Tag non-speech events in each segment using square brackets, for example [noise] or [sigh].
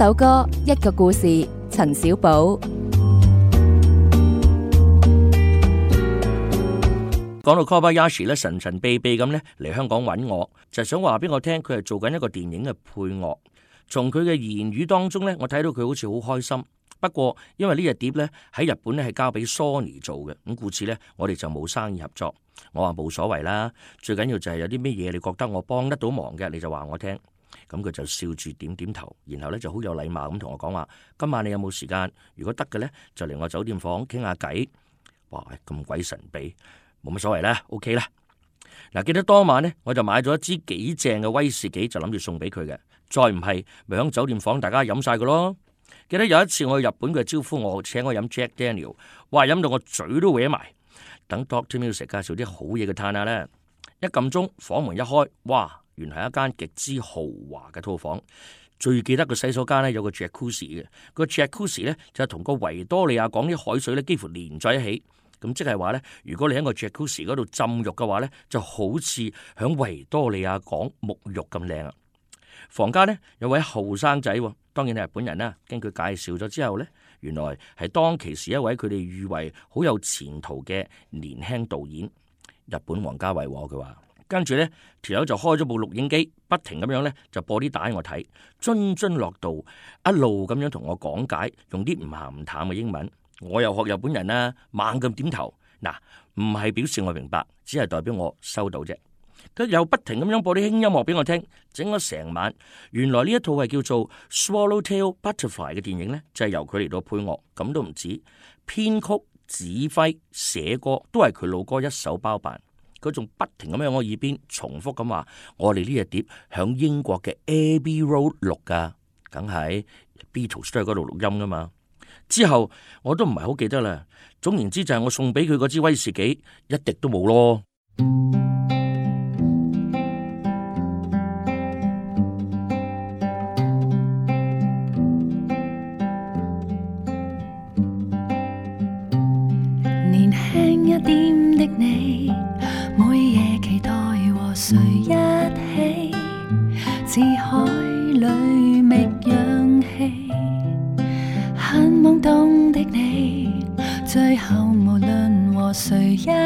首歌一個故事，陳小寶講到 Kobayashi 咧神神秘秘咁咧嚟香港揾我，就係，想話俾我聽佢係做緊一個電影嘅配樂。從佢嘅言語當中咧，我睇到佢好似好開心。不過因為呢隻碟咧喺日本咧係交俾 Sony 做嘅，咁故此咧我哋就冇生意合作。我話冇所謂啦，最緊要就係有啲咩嘢你覺得我幫得到忙嘅，你就話我聽。咁佢就笑住點點頭，然後咧就好有禮貌咁同我講話：今晚你有冇時間？如果得嘅呢，就嚟我酒店房傾下偈。哇，咁鬼神秘，冇乜所謂啦，OK 啦。嗱，啊，記得當晚呢，我就買咗一支幾正嘅威士忌，就諗住送俾佢嘅。再唔係咪響酒店房大家飲晒佢咯？記得有一次我去日本，佢招呼我請我飲 Jack Daniel，哇，飲到我嘴都歪埋。等 Doctor Music 介紹啲好嘢嘅嘆下呢，一撳鐘，房門一開，哇！原來係一間極之豪華嘅套房，最記得個洗手間呢，有個 Jacuzzi 嘅，個 Jacuzzi 呢，就係同個維多利亞港啲海水呢幾乎連在一起，咁即係話呢，如果你喺個 Jacuzzi 嗰度浸浴嘅話呢，就好似響維多利亞港沐浴咁靚啊！房間呢，有位後生仔，當然係日本人啦。經佢介紹咗之後呢，原來係當其時一位佢哋譽為好有前途嘅年輕導演，日本王家衛喎，佢話。跟住呢條友、這個、就開咗部錄影機，不停咁樣呢就播啲帶俾我睇，津津樂道，一路咁樣同我講解，用啲唔鹹唔淡嘅英文，我又學日本人啦、啊，猛咁點頭，嗱，唔係表示我明白，只係代表我收到啫。佢又不停咁樣播啲輕音樂俾我聽，整咗成晚。原來呢一套係叫做《Swallowtail Butterfly》嘅電影呢，就係、是、由佢嚟到配樂，咁都唔止，編曲、指揮、寫歌都係佢老哥一手包辦。佢仲不停咁喺我耳邊重複咁話，我哋呢隻碟響英國嘅 Abbey Road 錄噶，梗係 Beatles 都係嗰度錄音噶嘛。之後我都唔係好記得啦。總言之就係我送俾佢嗰支威士忌一滴都冇咯。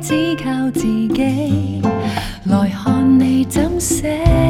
只靠自己來看你怎寫。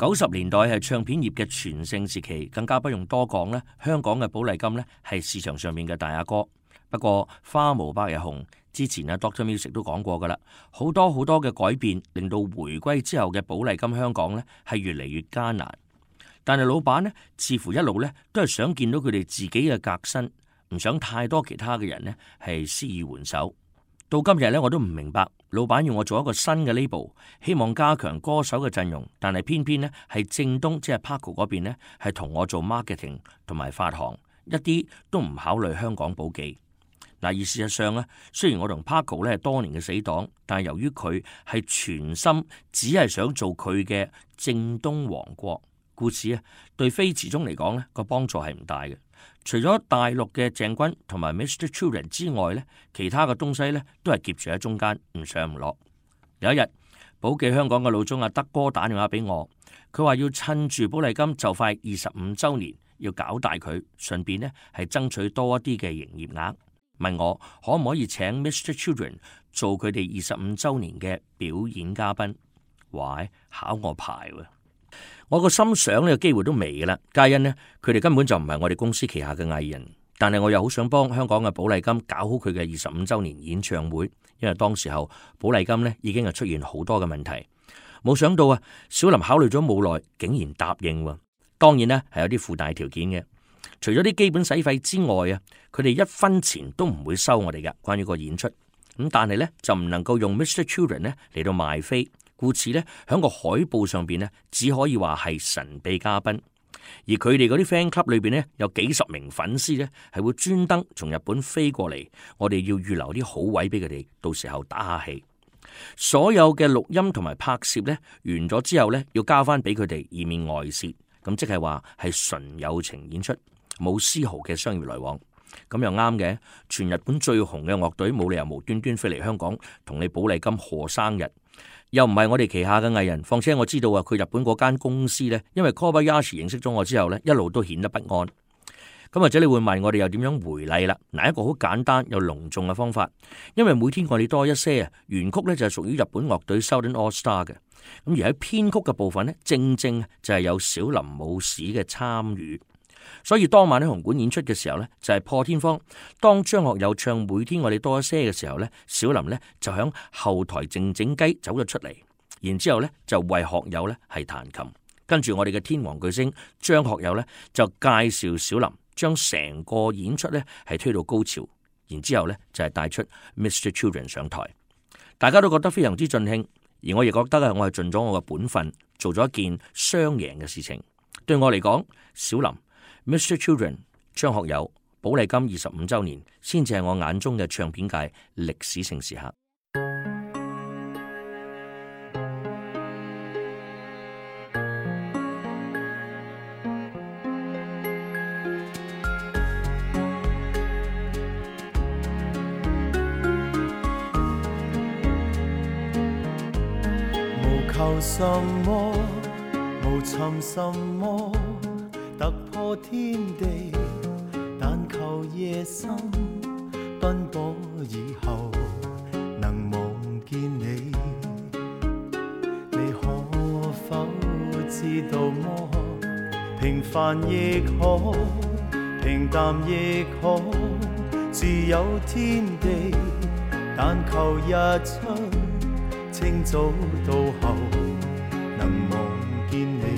九十年代係唱片業嘅全盛時期，更加不用多講咧。香港嘅寶麗金咧係市場上面嘅大阿哥，不過花無百日紅。之前阿 Dr. Music 都講過噶啦，好多好多嘅改變令到回歸之後嘅寶麗金香港咧係越嚟越艱難，但係老闆呢，似乎一路呢都係想見到佢哋自己嘅革新，唔想太多其他嘅人呢係施以援手。到今日咧，我都唔明白，老闆要我做一個新嘅 label，希望加強歌手嘅陣容，但係偏偏呢係正東，即係 Paco 嗰邊呢，係同我做 marketing 同埋發行，一啲都唔考慮香港保記。嗱，而事實上呢，雖然我同 Paco 呢係多年嘅死黨，但係由於佢係全心只係想做佢嘅正東王國，故此啊，對非馳中嚟講呢個幫助係唔大嘅。除咗大陸嘅鄭鈞同埋 Mr. Children 之外咧，其他嘅東西咧都係夾住喺中間，唔上唔落。有一日，寶記香港嘅老總阿德哥打電話俾我，佢話要趁住寶麗金就快二十五周年，要搞大佢，順便咧係爭取多一啲嘅營業額，問我可唔可以請 Mr. Children 做佢哋二十五周年嘅表演嘉賓？哇，考我牌啊。我個心想呢個機會都未㗎喇。皆因呢，佢哋根本就唔係我哋公司旗下嘅藝人，但係我又好想幫香港嘅寶麗金搞好佢嘅二十五周年演唱會，因為當時候寶麗金呢已經係出現好多嘅問題。冇想到啊，小林考慮咗冇耐，竟然答應。當然呢，係有啲附帶條件嘅，除咗啲基本使費之外啊，佢哋一分錢都唔會收我哋嘅，關於個演出咁。但係呢，就唔能夠用 Mr. Children 呢嚟到賣飛。故此呢，喺個海報上面呢，只可以話係神秘嘉賓。而佢哋嗰啲 fan club 裏面呢，有幾十名粉絲呢，係會專登從日本飛過嚟。我哋要預留啲好位俾佢哋，到時候打下氣。所有嘅錄音同埋拍攝呢，完咗之後呢，要交翻俾佢哋，以免外泄。咁即係話係純友情演出，冇絲毫嘅商業來往。咁又啱嘅，全日本最紅嘅樂隊冇理由無端端飛嚟香港同你保麗金賀生日，又唔係我哋旗下嘅藝人。況且我知道啊，佢日本嗰間公司呢，因為 Kobayashi 認識咗我之後呢，一路都顯得不安。咁或者你會問我哋又點樣回禮啦？嗱，一個好簡單又隆重嘅方法，因為每天我哋多一些啊，原曲呢就係屬於日本樂隊 Southern All Star 嘅，咁而喺編曲嘅部分呢，正正就係有小林武史嘅參與。所以當晚喺紅館演出嘅時候呢，就係破天荒。當張學友唱《每天我哋多一些》嘅時候呢，小林呢就響後台靜靜雞走咗出嚟，然之後呢就為學友呢係彈琴。跟住我哋嘅天王巨星張學友呢，就介紹小林，將成個演出呢係推到高潮。然之後呢就係帶出 Mr. Children 上台，大家都覺得非常之盡興，而我亦覺得嘅我係盡咗我嘅本分，做咗一件雙贏嘅事情。對我嚟講，小林。Mr. Children，張學友寶麗金二十五周年，先至係我眼中嘅唱片界歷史性時刻。無求什麼，無尋什麼。突破天地，但求夜深奔波以後能望見你。你可否知道麼？平凡亦可，平淡亦可，自有天地。但求日出清早到後能望見你。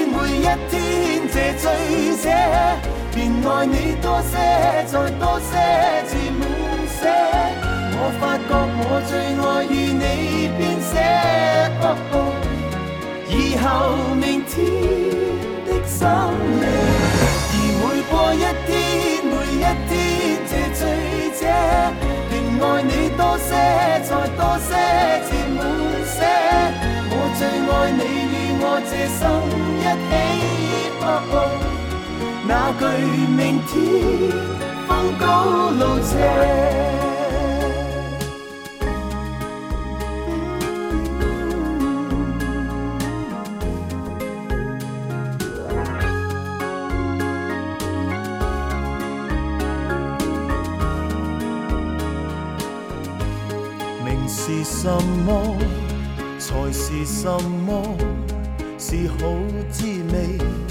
一天借，這醉者便愛你多些，再多些，至滿瀉。我發覺我最愛與你編寫。以後明天的心裏， [noise] 而每過一天，每一天借，這醉者便愛你多些，再多些。那句明天風高路斜，名、um, 是什麼？財是什麼？是好滋味。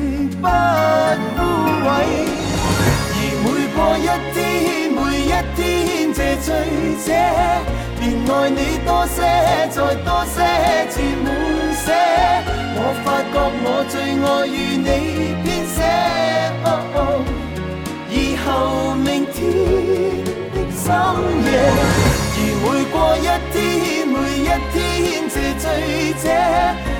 不枯萎，而每過一天，每一天這醉者，便愛你多些，再多些，至滿瀉。我發覺我最愛與你編寫。Oh oh. 以後明天的深夜，而每過一天，每一天這醉者。